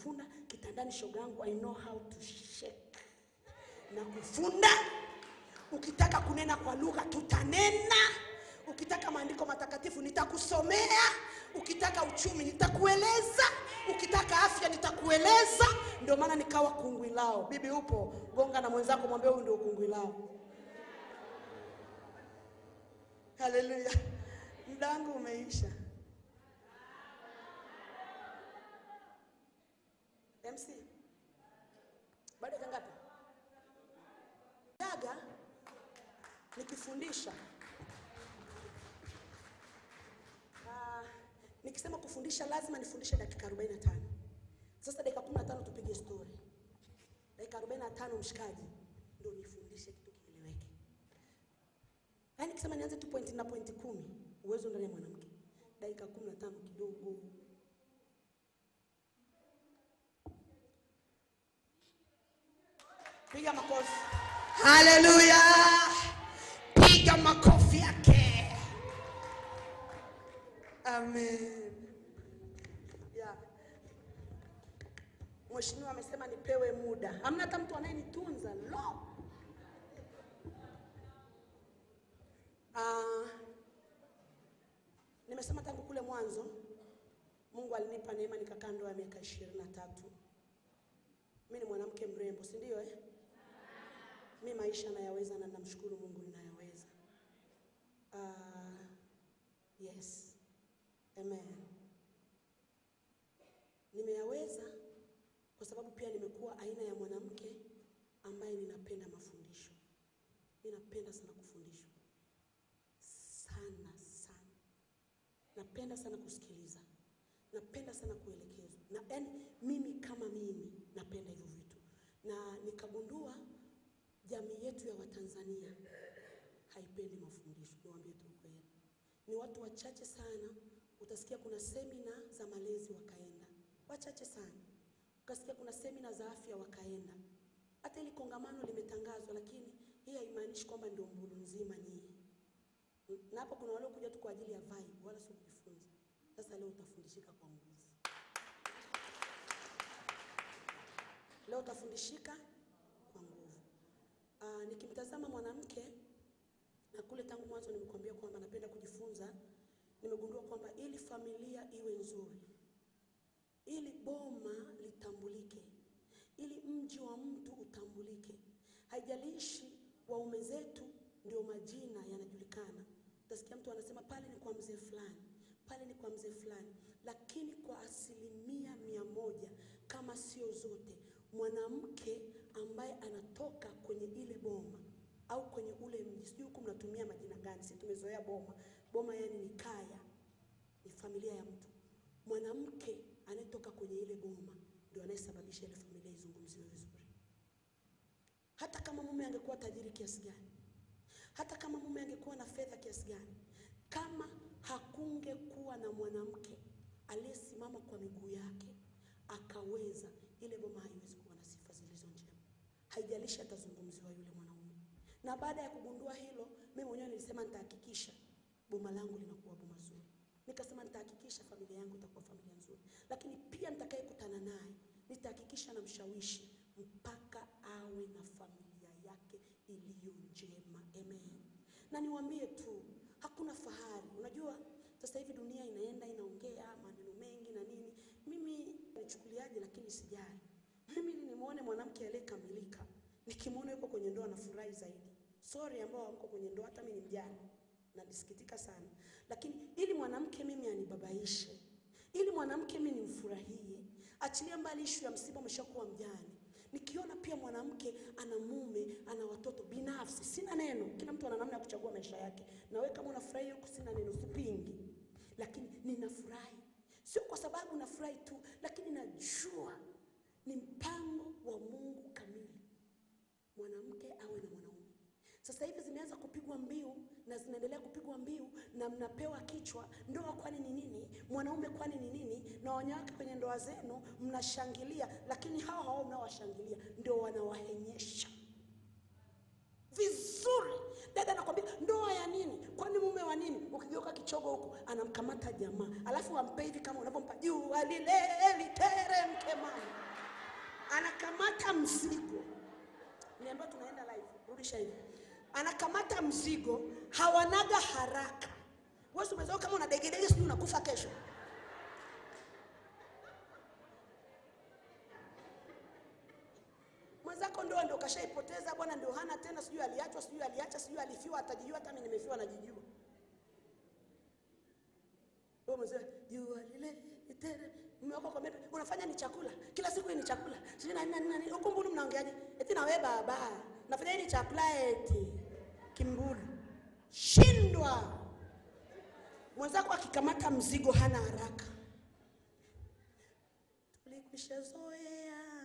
kufuna kitandani, shogangu, I know how to shake na kufunda. Ukitaka kunena kwa lugha tutanena, ukitaka maandiko matakatifu nitakusomea, ukitaka uchumi nitakueleza, ukitaka afya nitakueleza. Ndio maana nikawa kungwi lao. Bibi upo, gonga na mwenzako, mwambie huyu ndio kungwi lao. Haleluya, mdangu umeisha. MC baada ya ngapi? Jaga nikifundisha uh, nikisema kufundisha lazima nifundishe dakika 45. Sasa dakika 15 tupige story, dakika 45 mshikaji, ndio nifundishe kitu kieleweke. Yaani nikisema nianze tu point na point kumi, uwezo ndani ya mwanamke, dakika 15 kidogo Piga makofi. Haleluya. Piga makofi yake. Amen. Yeah. Mheshimiwa amesema nipewe muda. Hamna hata mtu anayenitunza. Lo. Uh, ah, nimesema tangu kule mwanzo Mungu alinipa neema nikakaa ndoa ya miaka ishirini na tatu. Mimi ni mwanamke mrembo, si ndio eh? mi maisha nayaweza na namshukuru Mungu ninayaweza. Uh, yes. Amen. Nimeyaweza kwa sababu pia nimekuwa aina ya mwanamke ambaye ninapenda mafundisho. Ninapenda sana kufundishwa. Sana sana. Napenda sana kusikiliza. Napenda sana kuelekezwa. Na yani mimi kama mimi hawapendi mafundisho, niwaambie tu kweli. Ni watu wachache sana utasikia kuna semina za malezi wakaenda, wachache sana. Ukasikia kuna semina za afya wakaenda. Hata ile kongamano limetangazwa, lakini hii haimaanishi kwamba ndio mbulu nzima nyinyi. Na hapo kuna waliokuja tu kwa ajili ya vibe, wala sio kujifunza. Sasa leo utafundishika kwa nguvu. Leo utafundishika kwa nguvu. Aa, ah, nikimtazama mwanamke na kule tangu mwanzo nimekuambia kwamba napenda kujifunza, nimegundua kwamba ili familia iwe nzuri, ili boma litambulike, ili mji wa mtu utambulike, haijalishi waume zetu ndio majina yanajulikana. Utasikia mtu anasema pale ni kwa mzee fulani, pale ni kwa mzee fulani, lakini kwa asilimia mia moja kama sio zote, mwanamke ambaye anatoka kwenye ile boma au kwenye ule mji, sijui huku mnatumia majina gani? Sisi tumezoea boma. Boma yani ni kaya, ni familia ya mtu. Mwanamke anayetoka kwenye ile boma ndio anayesababisha ile familia izungumziwe vizuri. Hata kama mume angekuwa tajiri kiasi gani, hata kama mume angekuwa na fedha kiasi gani, kama hakungekuwa na mwanamke aliyesimama kwa miguu yake akaweza, ile boma haiwezi kuwa na sifa zilizo njema, haijalishi atazungumziwa yule mwanamke. Na baada ya kugundua hilo, mimi mwenyewe nilisema nitahakikisha boma langu linakuwa boma zuri, nikasema nitahakikisha familia yangu itakuwa familia nzuri, lakini pia nitakayekutana naye nitahakikisha namshawishi mpaka awe na familia yake iliyo njema. Amen. Na niwaambie tu, hakuna fahari. Unajua sasa hivi dunia inaenda inaongea maneno mengi na nini, mimi nichukuliaje? Lakini sijali mimi, nimuone mwanamke aliyekamilika, nikimwona yuko kwenye ndoa na furahi zaidi. Sorry ambao hamko kwenye ndoa, hata mimi ni mjane, nalisikitika sana, lakini ili mwanamke mimi anibabaishe, ili mwanamke mimi nimfurahie, achilia mbali ishu ya msiba, umeshakuwa mjane. Nikiona pia mwanamke ana mume ana watoto binafsi, sina neno. Kila mtu ana namna ya kuchagua maisha yake, na wewe kama unafurahi huko, sina neno, sipingi, lakini ninafurahi sio kwa sababu nafurahi tu, lakini najua ni mpango Sasa hivi zimeanza kupigwa mbiu na zinaendelea kupigwa mbiu, na mnapewa kichwa ndoa kwani ni nini? Mwanaume kwani ni nini? Na wanawake kwenye ndoa zenu mnashangilia, lakini hao hao mnaowashangilia ndio wanawahenyesha vizuri. Dada anakwambia ndoa ya nini? Kwani mume wa nini? Ukigeuka kichogo huko anamkamata jamaa, alafu ampe hivi kama unavyompa jua literemke, maji anakamata mzigo. Niambiwa tunaenda live, rudisha hivi anakamata mzigo, hawanaga haraka. Wewe umezao kama una degedege, sijui unakufa kesho. Mwenzako ndoa ndio kashaipoteza bwana, ndio hana tena, sijui aliachwa, sijui aliacha, sijui alifiwa, atajijua. Hata mimi nimefiwa, najijua. Wewe mzee, jua lile tena mmewako kwa unafanya ni chakula kila siku, ni chakula sijui na nini na nini. ukumbuni mnaongeaje? Eti na wewe baba nafanya hili chakula eti kimbulu shindwa. Mwenzako akikamata mzigo hana haraka, tulikwishazoea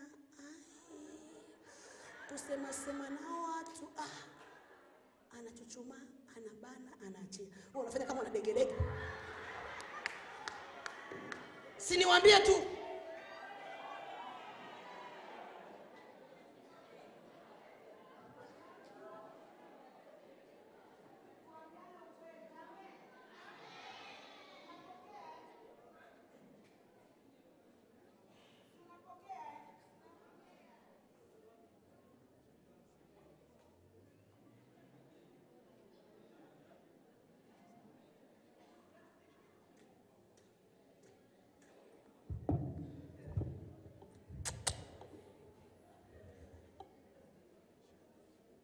kusema sema watu ah, anachuchuma anabana anaachia, wewe unafanya kama unadegeleka. Siniwaambie tu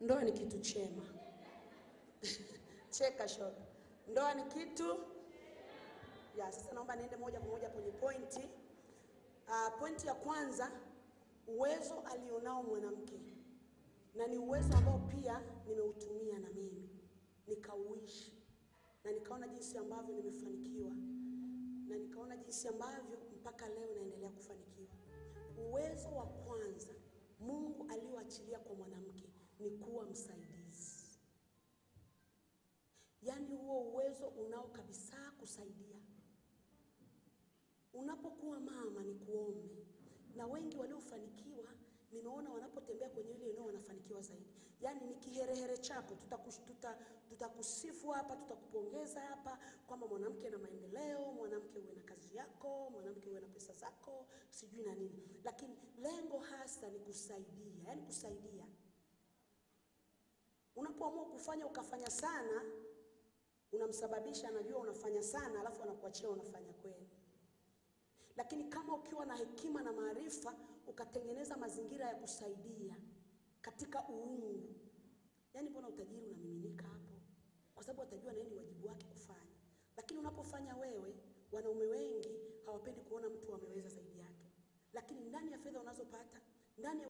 Ndoa ni kitu chema. Cheka shot. Ndoa ni kitu ya sasa. Naomba niende moja kwa moja kwenye pointi. Uh, pointi ya kwanza, uwezo alionao mwanamke, na ni uwezo ambao pia nimeutumia na mimi nikauishi na nikaona jinsi ambavyo nimefanikiwa na nikaona jinsi ambavyo mpaka leo naendelea kufanikiwa. Uwezo wa kwanza uwezo unao kabisa kusaidia. Unapokuwa mama, ni kuombe na wengi waliofanikiwa nimeona wanapotembea kwenye ile eneo wanafanikiwa zaidi. Yaani ni kiherehere chako, tutakusifu tuta hapa, tutakupongeza hapa kwamba mwanamke na maendeleo, mwanamke uwe na kazi yako, mwanamke uwe na pesa zako, sijui na nini, lakini lengo hasa ni kusaidia, yaani kusaidia. Unapoamua kufanya ukafanya sana unamsababisha anajua unafanya sana, alafu anakuachia unafanya kweli. Lakini kama ukiwa na hekima na maarifa, ukatengeneza mazingira ya kusaidia katika uungu, yaani mbona utajiri unamiminika hapo? Kwa sababu atajua nini wajibu wake kufanya. Lakini unapofanya wewe, wanaume wengi hawapendi kuona mtu ameweza zaidi yake, lakini ndani ya fedha unazopata ndani